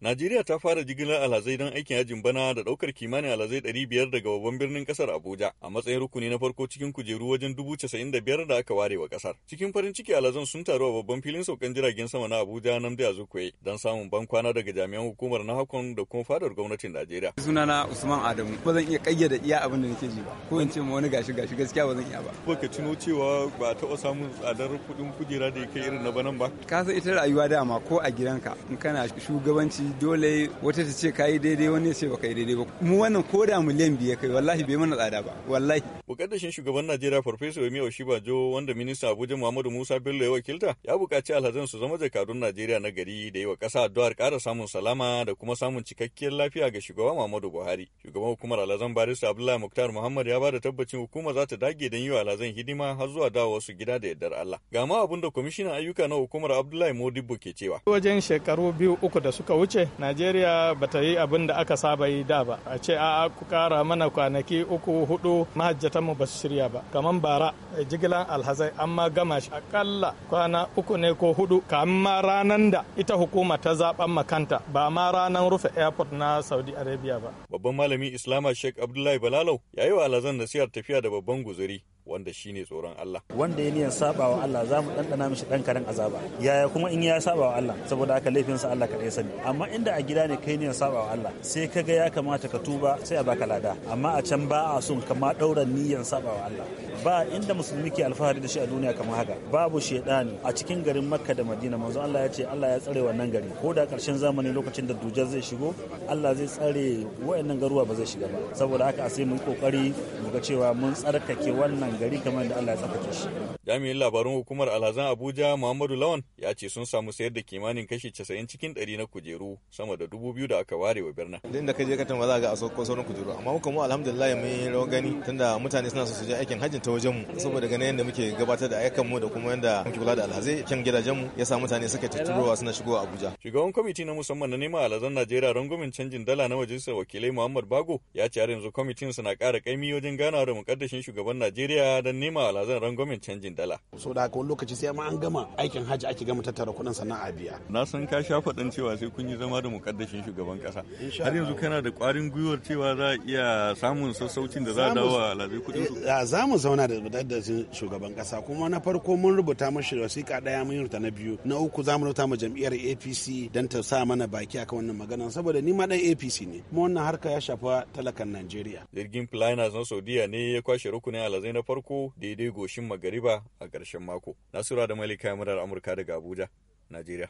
Najeriya ta fara jigilar alhazai don aikin yajin bana da daukar kimanin alhazai 500 daga babban birnin kasar Abuja a matsayin rukuni na farko cikin kujeru wajen 95,000 da aka ware wa kasar. Cikin farin ciki alhazan sun taru a babban filin saukan jiragen sama na Abuja Namdi Azukwe don samun bankwana daga jami'an hukumar na hakon da kuma fadar gwamnatin Najeriya. Sunana Usman Adamu ba zan iya kayyade iya abin da nake ji ba ko in ce ma wani gashi gashi gaskiya ba zan iya ba. Ko ka tuno cewa ba taɓa samun tsadar kudin kujera da ya kai irin na banan ba. Ka san ita rayuwa dama ko a gidanka in kana shugabanci dole wata ta ce kayi daidai wani ya ce ba kai daidai ba mu wannan ko da miliyan biya kai wallahi bai mana tsada ba wallahi mukaddashin shugaban Najeriya Farfesa Yemi Oshibajo wanda minista Abuja Muhammadu Musa Bello ya wakilta ya bukaci alhazan su zama jakadun Najeriya na gari da yi wa ƙasa addu'ar ƙara samun salama da kuma samun cikakkiyar lafiya ga shugaban Muhammadu Buhari shugaban hukumar alhazan barista Abdullahi Muktar Muhammad ya ba da tabbacin hukuma za ta dage don yi wa alhazan hidima har zuwa dawo wasu gida da yardar Allah ga ma abin da kwamishinan ayyuka na hukumar Abdullahi Modibo ke cewa wajen shekaru biyu uku da suka wuce wuce najeriya ba ta yi abin da aka saba yi da ba a ce a ku kara mana kwanaki uku hudu mahajjatan mu ba su shirya ba kamar bara jigilan alhazai amma gama shi akalla kwana uku ne ko hudu kamar ranan da ita hukuma ta zaben makanta ba ma ranan rufe airport na saudi arabia ba babban malami islama sheikh abdullahi balalau ya yi wa alhazan nasihar tafiya da babban guzuri wanda shine tsoron Allah wanda ya niyan sabawa Allah za mu ɗanɗana mishi ɗan karen azaba yaya kuma in ya sabawa Allah saboda haka laifin sa Allah kadai sani amma inda a gida ne kai niyan sabawa Allah sai kaga ya kamata ka tuba sai a baka lada amma a can ba a son kama daura niyan sabawa Allah ba inda musulmi ke alfahari da shi a duniya kamar haka babu shedani a cikin garin Makka da Madina manzo Allah ya ce Allah ya tsare wannan gari ko da karshen zamani lokacin da dujar zai shigo Allah zai tsare wa'annan garuwa ba zai shiga ba saboda haka a sai mun kokari mu ga cewa mun tsarkake wannan gari kamar da Allah ya tsabtace shi. Jami'in labarun hukumar Alhazan Abuja Muhammadu Lawan ya ce sun samu sayar da kimanin kashi 90 cikin 100 na kujeru sama da 2000 da aka ware wa birnin. Din da ka je ka tamba za ga a sauran kujeru amma muka mu alhamdulillah mun yi rawar gani tunda mutane suna so su je aikin hajjin ta wajen mu saboda ganin yadda muke gabatar da ayyukan mu da kuma yadda muke kula da alhazai kan gidajen mu yasa mutane suka tattaruwa suna shigowa Abuja. Shugaban kwamiti na musamman na neman alhazan Najeriya rangwamen canjin dala na majalisar wakilai Muhammad Bago ya ce har yanzu kwamitin suna ƙara kaimi wajen ganawa da mukaddashin shugaban Najeriya da don nema zan rangwamen canjin dala. So da haka wani lokaci sai ma an gama aikin hajji ake gama tattara kudin sannan a biya. Na san ka sha faɗin cewa sai kun yi zama da mukaddashin shugaban ƙasa. Har yanzu kana da ƙwarin gwiwar cewa za a iya samun sassaucin da za a dawo a alazai kuɗin su. Eh, za mu zauna da mukaddashin shugaban kasa kuma na farko mun rubuta mashi wasiƙa ɗaya mun rubuta na biyu na uku za mu rubuta ma jam'iyyar APC don ta sa mana baki akan wannan magana saboda ni ma ɗan APC ne kuma wannan harka ya shafa talakan Najeriya. Jirgin planers na Saudiya ne ya kwashe rukunin alazai na farko farko daidai goshin magariba a ƙarshen mako. Nasura da Malika Murar Amurka daga Abuja, Najeriya.